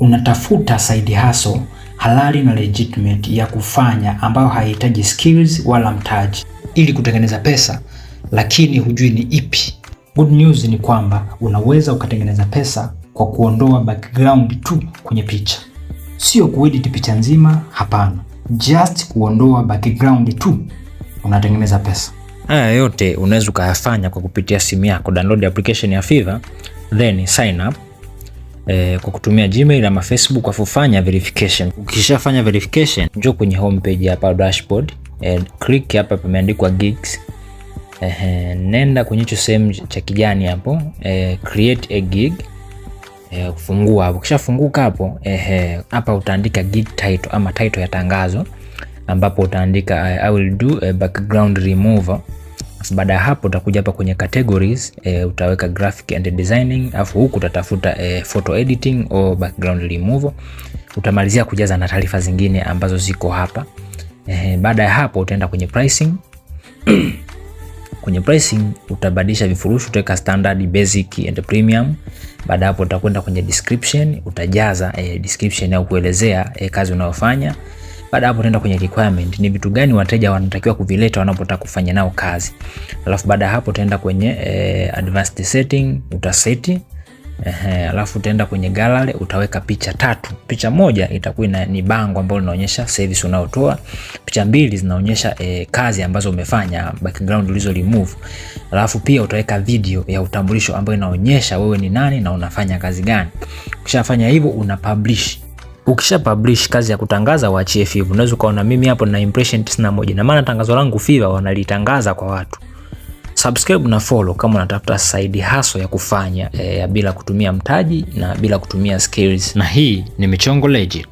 unatafuta side hustle halali na legitimate ya kufanya ambayo haihitaji skills wala mtaji ili kutengeneza pesa, lakini hujui ni ipi. Good news ni kwamba unaweza ukatengeneza pesa kwa kuondoa background tu kwenye picha, sio kuedit picha nzima. Hapana, just kuondoa background tu unatengeneza pesa. Haya yote unaweza ukayafanya kwa kupitia simu yako. Download application ya Fiverr then sign up e, kwa kutumia Gmail ama Facebook kwa kufanya verification. Ukishafanya verification, njoo kwenye homepage hapa dashboard, e, click hapa pameandikwa gigs. Ehe, nenda kwenye hicho sehemu cha kijani hapo, e, create a gig. E, eh, fungua hapo, ukishafunguka hapo, ehe, hapa utaandika gig title ama title ya tangazo ambapo utaandika I, I will do a background remover Alafu baada ya hapo utakuja hapa kwenye categories e, utaweka graphic and designing, afu huku utatafuta e, photo editing au background removal. Utamalizia kujaza na taarifa zingine ambazo ziko hapa e, baada ya hapo utaenda kwenye pricing kwenye pricing utabadilisha vifurushi, utaweka standard, basic and premium. Baada hapo utakwenda kwenye description, utajaza e, description au kuelezea e, kazi unayofanya. Baada hapo tunaenda kwenye requirement, ni vitu gani wateja wanatakiwa kuvileta wanapotaka kufanya nao kazi. Alafu baada hapo utaenda kwenye eh, advanced setting utaseti Ehe, alafu utaenda kwenye gallery utaweka picha tatu. Picha moja itakuwa ni bango ambalo linaonyesha service unaotoa. Picha mbili zinaonyesha e, kazi ambazo umefanya, background ulizo remove. Alafu pia utaweka video ya utambulisho ambayo inaonyesha wewe ni nani na unafanya kazi gani. Ukishafanya hivyo una publish. Ukisha publish kazi ya kutangaza waachie Fiva. Unaweza ukaona mimi hapo na impression 91 na maana tangazo langu Fiva wanalitangaza kwa watu. Subscribe na follow kama unatafuta side hustle ya kufanya e, bila kutumia mtaji na bila kutumia skills, na hii ni Michongo Legit.